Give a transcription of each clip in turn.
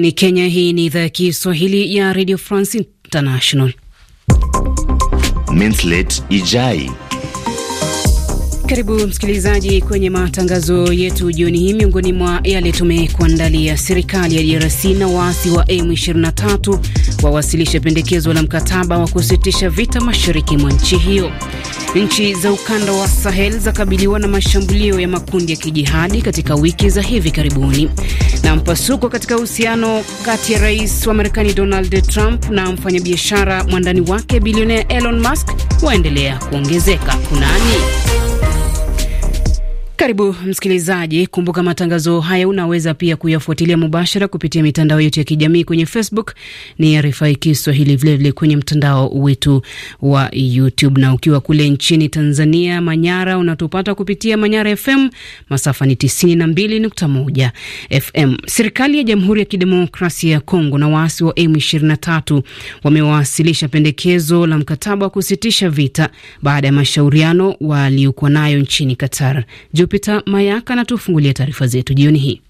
ni Kenya. Hii ni idhaa ya Kiswahili ya Radio France International. Minslet Ijai. Karibu msikilizaji kwenye matangazo yetu jioni hii. Miongoni mwa yale tumekuandalia: serikali ya DRC na waasi wa M23 wawasilisha pendekezo la mkataba wa kusitisha vita mashariki mwa nchi hiyo. Nchi za ukanda wa Sahel zakabiliwa na mashambulio ya makundi ya kijihadi katika wiki za hivi karibuni. Na mpasuko katika uhusiano kati ya rais wa Marekani Donald Trump na mfanyabiashara mwandani wake bilionea Elon Musk waendelea kuongezeka. Kunani? Karibu msikilizaji, kumbuka matangazo haya unaweza pia kuyafuatilia mubashara kupitia mitandao yetu ya kijamii kwenye Facebook ni RFI Kiswahili, vilevile kwenye mtandao wetu wa YouTube. Na ukiwa kule nchini Tanzania, Manyara, unatupata kupitia Manyara FM, masafa ni 92.1 FM. Serikali ya Jamhuri ya Kidemokrasia ya Kongo na waasi wa M23 wamewasilisha pendekezo la mkataba wa kusitisha vita baada ya mashauriano waliokuwa nayo nchini Qatar. Jupiter Mayaka anatufungulia taarifa zetu jioni hii.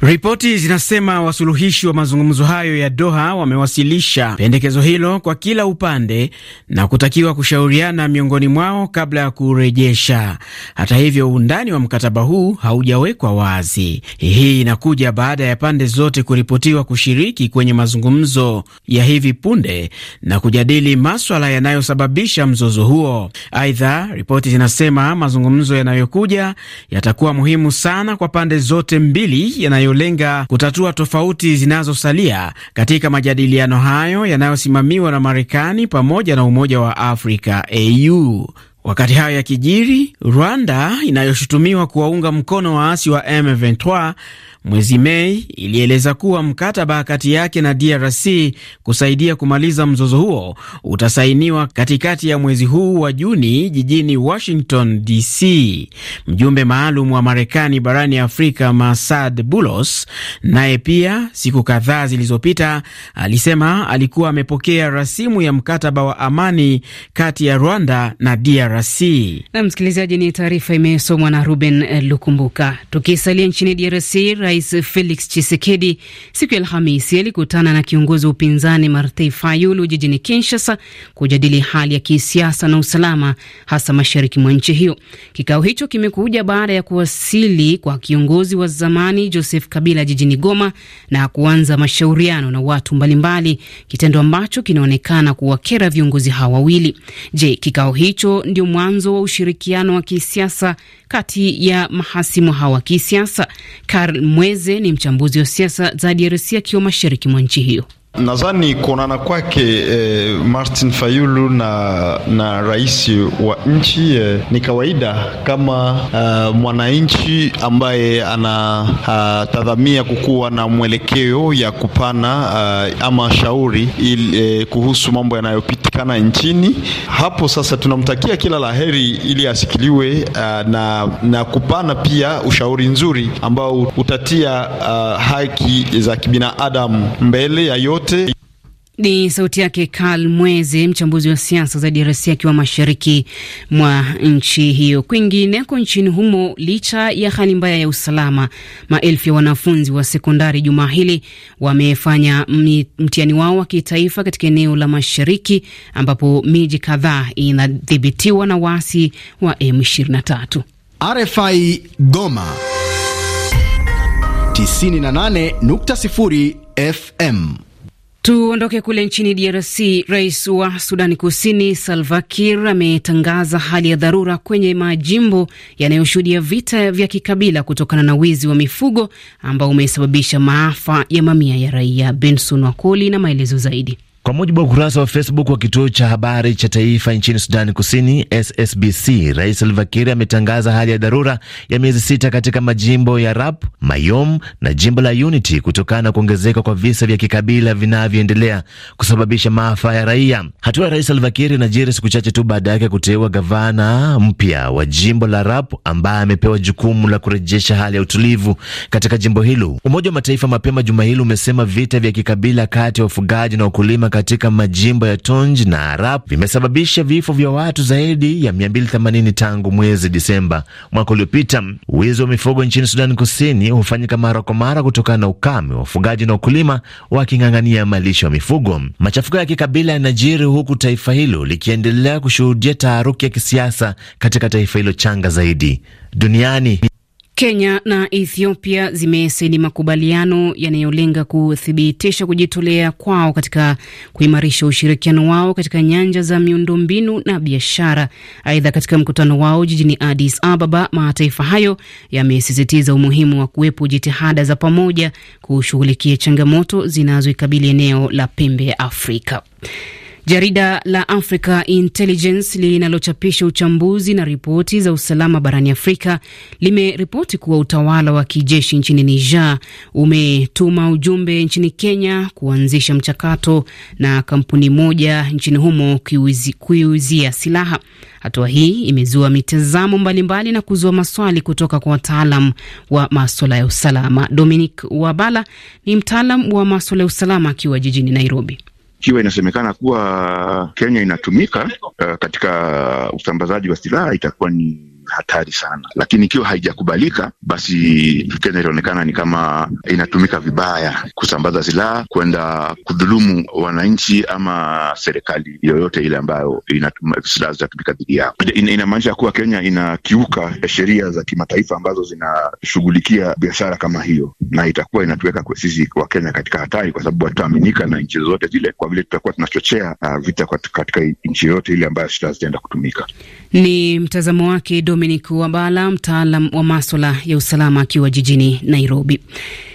Ripoti zinasema wasuluhishi wa mazungumzo hayo ya Doha wamewasilisha pendekezo hilo kwa kila upande na kutakiwa kushauriana miongoni mwao kabla ya kurejesha. Hata hivyo, undani wa mkataba huu haujawekwa wazi. Hii inakuja baada ya pande zote kuripotiwa kushiriki kwenye mazungumzo ya hivi punde na kujadili maswala yanayosababisha mzozo huo. Aidha, ripoti zinasema mazungumzo yanayokuja yatakuwa muhimu sana kwa pande zote mbili yanayo yanayolenga kutatua tofauti zinazosalia katika majadiliano hayo yanayosimamiwa na Marekani pamoja na Umoja wa Afrika AU. Wakati hayo yakijiri, Rwanda inayoshutumiwa kuwaunga mkono waasi wa M23 Mwezi Mei ilieleza kuwa mkataba kati yake na DRC kusaidia kumaliza mzozo huo utasainiwa katikati ya mwezi huu wa Juni jijini Washington DC. Mjumbe maalum wa Marekani barani Afrika Masad Bulos naye pia siku kadhaa zilizopita alisema alikuwa amepokea rasimu ya mkataba wa amani kati ya Rwanda na DRC. Na msikilizaji, ni taarifa imesomwa na Ruben Lukumbuka. Tukisalia nchini DRC Rais Felix Chisekedi siku ya Alhamisi alikutana na kiongozi wa upinzani Martin Fayulu jijini Kinshasa kujadili hali ya kisiasa na usalama hasa mashariki mwa nchi hiyo. Kikao hicho kimekuja baada ya kuwasili kwa kiongozi wa zamani Joseph Kabila jijini Goma na kuanza mashauriano na watu mbalimbali, kitendo ambacho kinaonekana kuwakera viongozi hawa wawili. Je, kikao hicho ndio mwanzo wa ushirikiano wa kisiasa kati ya mahasimu hawa wa kisiasa Karl Mweze ni mchambuzi wa siasa za DRC akiwa mashariki mwa nchi hiyo. Nadhani kuonana kwake eh, Martin Fayulu na, na rais wa nchi eh, ni kawaida kama uh, mwananchi ambaye anatadhamia ah, uh, kukuwa na mwelekeo ya kupana uh, ama shauri il, eh, kuhusu mambo yanayopitikana nchini. Hapo sasa tunamtakia kila laheri ili asikiliwe uh, na, na kupana pia ushauri nzuri ambao utatia uh, haki za kibinadamu mbele ya yote yote. Ni sauti yake Karl Mweze, mchambuzi wa siasa za DRC akiwa mashariki mwa nchi hiyo. Kwingineko nchini humo, licha ya hali mbaya ya usalama, maelfu ya wanafunzi wa sekondari juma hili wamefanya mtihani wao wa kitaifa katika eneo la mashariki, ambapo miji kadhaa inadhibitiwa na waasi wa M23. RFI Goma 98.0 FM Tuondoke kule nchini DRC. Rais wa Sudani Kusini Salva Kiir ametangaza hali ya dharura kwenye majimbo yanayoshuhudia vita vya kikabila kutokana na wizi wa mifugo ambao umesababisha maafa ya mamia ya raia. Benson Wakoli na maelezo zaidi. Kwa mujibu wa ukurasa wa Facebook wa kituo cha habari cha taifa nchini Sudani Kusini, SSBC, Rais Salva Kiir ametangaza hali ya dharura ya miezi sita katika majimbo ya Rap, Mayom na jimbo la Unity kutokana na kuongezeka kwa visa vya kikabila vinavyoendelea kusababisha maafa ya raia. Hatua ya Rais Salva Kiir inajiri siku chache tu baada yake kuteua gavana mpya wa jimbo la Rap ambaye amepewa jukumu la kurejesha hali ya utulivu katika jimbo hilo. Umoja wa Mataifa mapema juma hili umesema vita vya kikabila kati ya wafugaji na wakulima katika majimbo ya Tonj na Arap vimesababisha vifo vya watu zaidi ya 280 tangu mwezi Disemba mwaka uliopita. Wizi wa mifugo nchini Sudani Kusini hufanyika mara kwa mara kutokana na ukame, wafugaji na ukulima waking'ang'ania malisho ya mifugo. Machafuko ya kikabila yanajiri huku taifa hilo likiendelea kushuhudia taharuki ya kisiasa katika taifa hilo changa zaidi duniani. Kenya na Ethiopia zimesaini makubaliano yanayolenga kuthibitisha kujitolea kwao katika kuimarisha ushirikiano wao katika nyanja za miundombinu na biashara. Aidha, katika mkutano wao jijini Addis Ababa, mataifa hayo yamesisitiza umuhimu wa kuwepo jitihada za pamoja kushughulikia changamoto zinazoikabili eneo la pembe ya Afrika. Jarida la Africa Intelligence linalochapisha uchambuzi na ripoti za usalama barani Afrika limeripoti kuwa utawala wa kijeshi nchini Niger umetuma ujumbe nchini Kenya kuanzisha mchakato na kampuni moja nchini humo kuiuzia silaha. Hatua hii imezua mitazamo mbalimbali na kuzua maswali kutoka kwa wataalam wa maswala ya usalama. Dominic Wabala ni mtaalam wa maswala ya usalama akiwa jijini Nairobi ikiwa inasemekana kuwa Kenya inatumika uh, katika usambazaji wa silaha itakuwa ni hatari sana, lakini ikiwa haijakubalika, basi Kenya ilionekana ni kama inatumika vibaya kusambaza silaha kwenda kudhulumu wananchi ama serikali yoyote ile ambayo silaha zitatumika dhidi yao. Inamaanisha kuwa Kenya inakiuka sheria za kimataifa ambazo zinashughulikia biashara kama hiyo, na itakuwa inatuweka sisi wa Kenya katika hatari, kwa sababu hatutaaminika na nchi zozote zile, kwa vile tutakuwa tunachochea uh, vita katika nchi yoyote ile ambayo silaha zitaenda kutumika. Ni mtazamo wake. Dominic Wabala, mtaalam wa maswala ya usalama akiwa jijini Nairobi.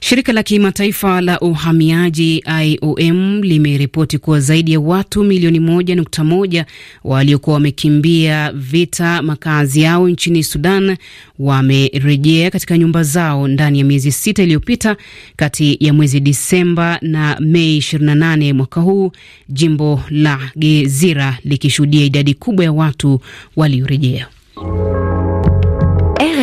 Shirika la kimataifa la uhamiaji IOM limeripoti kuwa zaidi ya watu milioni moja nukta moja waliokuwa wamekimbia vita makazi yao nchini Sudan wamerejea katika nyumba zao ndani ya miezi sita iliyopita, kati ya mwezi Disemba na Mei 28 mwaka huu, jimbo la Gezira likishuhudia idadi kubwa ya watu waliorejea.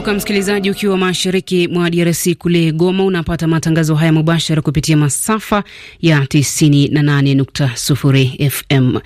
Kumbuka msikilizaji, ukiwa mashariki mwa DRC kule Goma, unapata matangazo haya mubashara kupitia masafa ya 98.0 FM.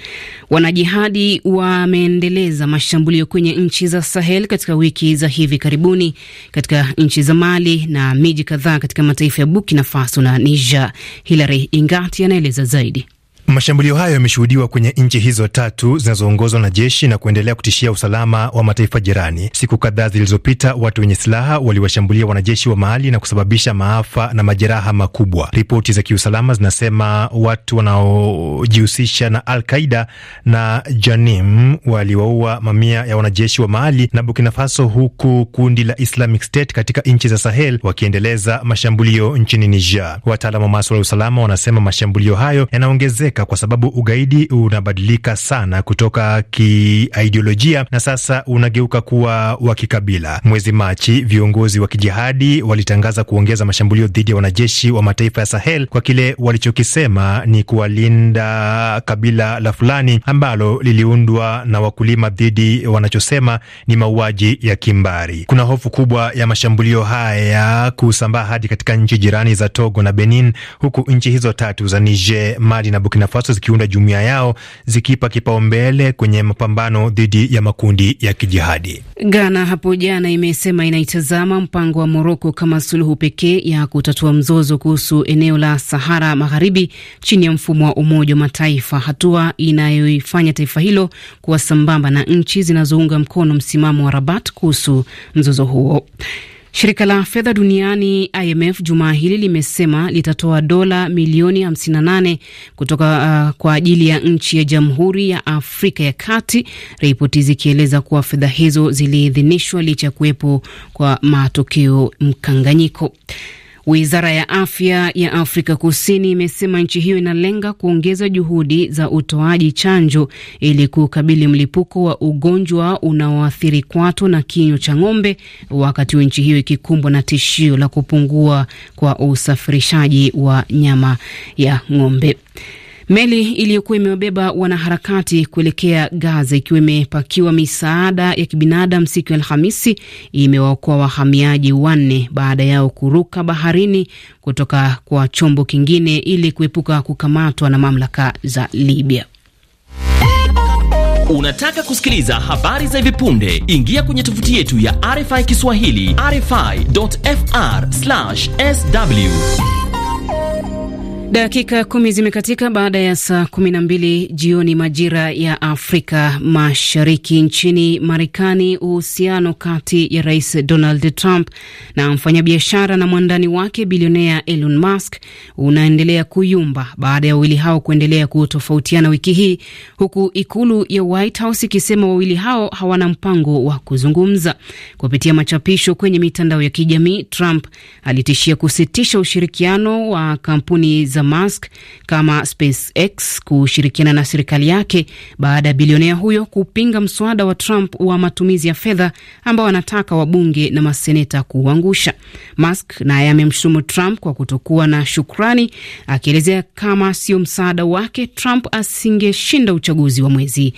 Wanajihadi wameendeleza mashambulio kwenye nchi za Sahel katika wiki za hivi karibuni katika nchi za Mali na miji kadhaa katika mataifa ya Burkina Faso na Niger. Hilary Ingati anaeleza zaidi. Mashambulio hayo yameshuhudiwa kwenye nchi hizo tatu zinazoongozwa na jeshi na kuendelea kutishia usalama wa mataifa jirani. Siku kadhaa zilizopita, watu wenye silaha waliwashambulia wanajeshi wa mahali na kusababisha maafa na majeraha makubwa. Ripoti za kiusalama zinasema watu wanaojihusisha na Al Qaida na Janim waliwaua mamia ya wanajeshi wa mahali na Burkina Faso, huku kundi la Islamic State katika nchi za Sahel wakiendeleza mashambulio nchini Niger. Wataalamu wa maswala ya usalama wanasema mashambulio hayo yanaongezeka kuongezeka kwa sababu ugaidi unabadilika sana kutoka kiaidiolojia na sasa unageuka kuwa wa kikabila. Mwezi Machi, viongozi wa kijihadi walitangaza kuongeza mashambulio dhidi ya wanajeshi wa mataifa ya Sahel kwa kile walichokisema ni kuwalinda kabila la fulani ambalo liliundwa na wakulima dhidi wanachosema ni mauaji ya kimbari. Kuna hofu kubwa ya mashambulio haya kusambaa hadi katika nchi jirani za Togo na Benin, huku nchi hizo tatu za Niger, Mali na Burkina Burkina Faso zikiunda jumuiya yao zikipa kipaumbele kwenye mapambano dhidi ya makundi ya kijihadi. Ghana hapo jana imesema inaitazama mpango wa Moroko kama suluhu pekee ya kutatua mzozo kuhusu eneo la Sahara Magharibi chini ya mfumo wa Umoja wa Mataifa, hatua inayoifanya taifa hilo kuwa sambamba na nchi zinazounga mkono msimamo wa Rabat kuhusu mzozo huo. Shirika la fedha duniani IMF jumaa hili limesema litatoa dola milioni 58 kutoka uh, kwa ajili ya nchi ya Jamhuri ya Afrika ya Kati, ripoti zikieleza kuwa fedha hizo ziliidhinishwa licha ya kuwepo kwa matokeo mkanganyiko. Wizara ya afya ya Afrika Kusini imesema nchi hiyo inalenga kuongeza juhudi za utoaji chanjo ili kukabili mlipuko wa ugonjwa unaoathiri kwato na kinywa cha ng'ombe, wakati nchi hiyo ikikumbwa na tishio la kupungua kwa usafirishaji wa nyama ya ng'ombe. Meli iliyokuwa imewabeba wanaharakati kuelekea Gaza ikiwa imepakiwa misaada ya kibinadamu siku ya Alhamisi imewaokoa wahamiaji wanne baada yao kuruka baharini kutoka kwa chombo kingine ili kuepuka kukamatwa na mamlaka za Libya. Unataka kusikiliza habari za hivi punde? Ingia kwenye tovuti yetu ya RFI Kiswahili, rfi.fr/sw Dakika kumi zimekatika baada ya saa kumi na mbili jioni majira ya Afrika Mashariki. Nchini Marekani, uhusiano kati ya Rais Donald Trump na mfanyabiashara na mwandani wake bilionea Elon Musk unaendelea kuyumba baada ya wawili hao kuendelea kutofautiana wiki hii, huku ikulu ya White House ikisema wawili hao hawana mpango wa kuzungumza. Kupitia machapisho kwenye mitandao ya kijamii, Trump alitishia kusitisha ushirikiano wa kampuni za Musk kama SpaceX kushirikiana na serikali yake baada ya bilionea huyo kupinga mswada wa Trump wa matumizi ya fedha ambao anataka wabunge na maseneta kuuangusha. Musk naye amemshutumu Trump kwa kutokuwa na shukrani, akielezea kama sio msaada wake Trump asingeshinda uchaguzi wa mwezi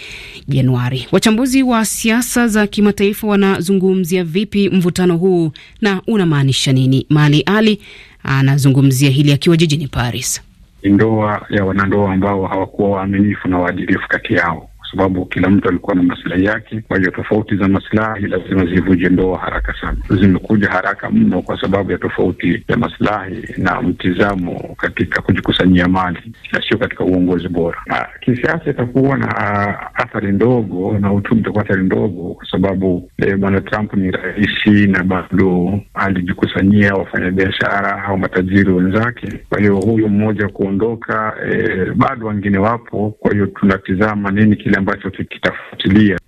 Januari. Wachambuzi wa siasa za kimataifa wanazungumzia vipi mvutano huu na unamaanisha nini? Mali Ali anazungumzia hili akiwa jijini Paris. Ndoa ya wanandoa ambao hawakuwa waaminifu na waadilifu kati yao kwa sababu kila mtu alikuwa na masilahi yake. Kwa hiyo tofauti za masilahi lazima zivuje ndoa haraka sana, zimekuja haraka mno kwa sababu ya tofauti ya masilahi na mtizamo katika kujikusanyia mali na sio katika uongozi bora. Na kisiasa itakuwa na ah, athari ndogo na uchumi utakuwa athari ndogo, kwa sababu eh, bwana Trump ni raisi na bado alijikusanyia wafanyabiashara au matajiri wenzake. Kwa hiyo huyu mmoja kuondoka, e, bado wengine wapo. Kwa hiyo tunatizama nini kile kile ambacho kitafuatilia.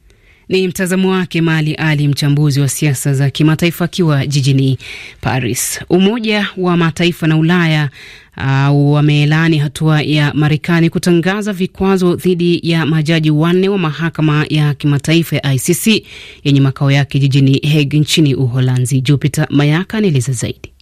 Ni mtazamo wake Mali Ali, mchambuzi wa siasa za kimataifa akiwa jijini Paris. Umoja wa Mataifa na Ulaya uh, wamelaani hatua ya Marekani kutangaza vikwazo dhidi ya majaji wanne wa mahakama ya kimataifa ya ICC yenye makao yake jijini Hague nchini Uholanzi. Jupiter Mayaka anaeleza zaidi.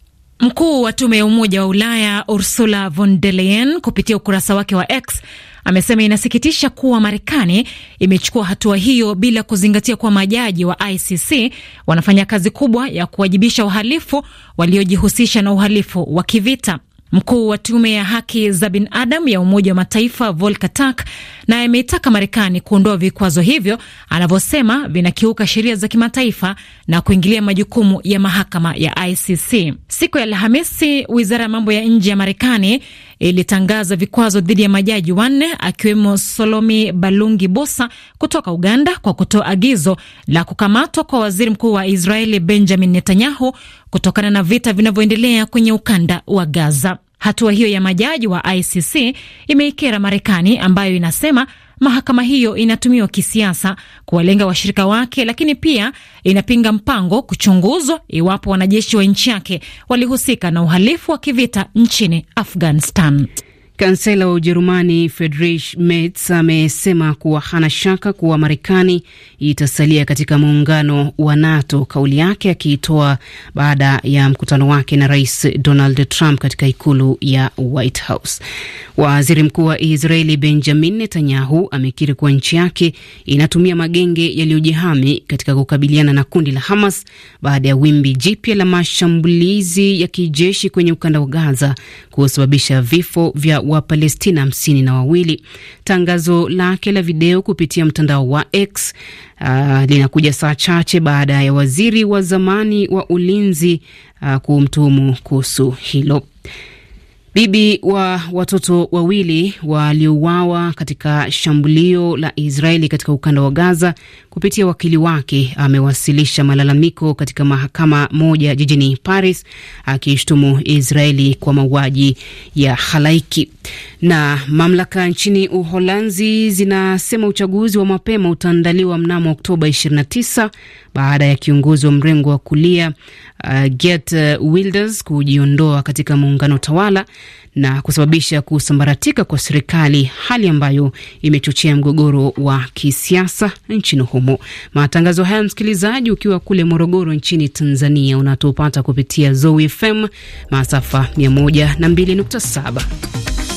Mkuu wa tume ya Umoja wa Ulaya Ursula von der Leyen kupitia ukurasa wake wa X amesema inasikitisha kuwa Marekani imechukua hatua hiyo bila kuzingatia kuwa majaji wa ICC wanafanya kazi kubwa ya kuwajibisha uhalifu waliojihusisha na uhalifu wa kivita. Mkuu wa tume ya haki za binadamu ya Umoja wa Mataifa Volker Turk naye ameitaka Marekani kuondoa vikwazo hivyo anavyosema vinakiuka sheria za kimataifa na kuingilia majukumu ya mahakama ya ICC. Siku ya Alhamisi, wizara ya mambo ya nje ya Marekani ilitangaza vikwazo dhidi ya majaji wanne akiwemo Solomi Balungi Bosa kutoka Uganda kwa kutoa agizo la kukamatwa kwa waziri mkuu wa Israeli Benjamin Netanyahu kutokana na vita vinavyoendelea kwenye ukanda wa Gaza. Hatua hiyo ya majaji wa ICC imeikera Marekani ambayo inasema mahakama hiyo inatumiwa kisiasa kuwalenga washirika wake, lakini pia inapinga mpango kuchunguzwa iwapo wanajeshi wa nchi yake walihusika na uhalifu wa kivita nchini Afghanistan. Kansela wa Ujerumani Friedrich Merz amesema kuwa hana shaka kuwa Marekani itasalia katika muungano wa NATO, kauli yake akiitoa baada ya mkutano wake na Rais Donald Trump katika ikulu ya White House. Waziri Mkuu wa Israeli Benjamin Netanyahu amekiri kuwa nchi yake inatumia magenge yaliyojihami katika kukabiliana na kundi la Hamas baada ya wimbi jipya la mashambulizi ya kijeshi kwenye ukanda wa Gaza kusababisha vifo vya Wapalestina hamsini na wawili. Tangazo lake la video kupitia mtandao wa X uh, linakuja saa chache baada ya waziri wa zamani wa ulinzi uh, kumtuhumu kuhusu hilo. Bibi wa watoto wawili waliouawa katika shambulio la Israeli katika ukanda wa Gaza, kupitia wakili wake amewasilisha malalamiko katika mahakama moja jijini Paris, akishtumu Israeli kwa mauaji ya halaiki. Na mamlaka nchini Uholanzi zinasema uchaguzi wa mapema utaandaliwa mnamo Oktoba 29 baada ya kiongozi wa mrengo wa kulia uh, Geert Wilders kujiondoa katika muungano tawala na kusababisha kusambaratika kwa serikali, hali ambayo imechochea mgogoro wa kisiasa nchini humo. Matangazo haya msikilizaji, ukiwa kule Morogoro nchini Tanzania, unatupata kupitia ZOFM masafa 102.7.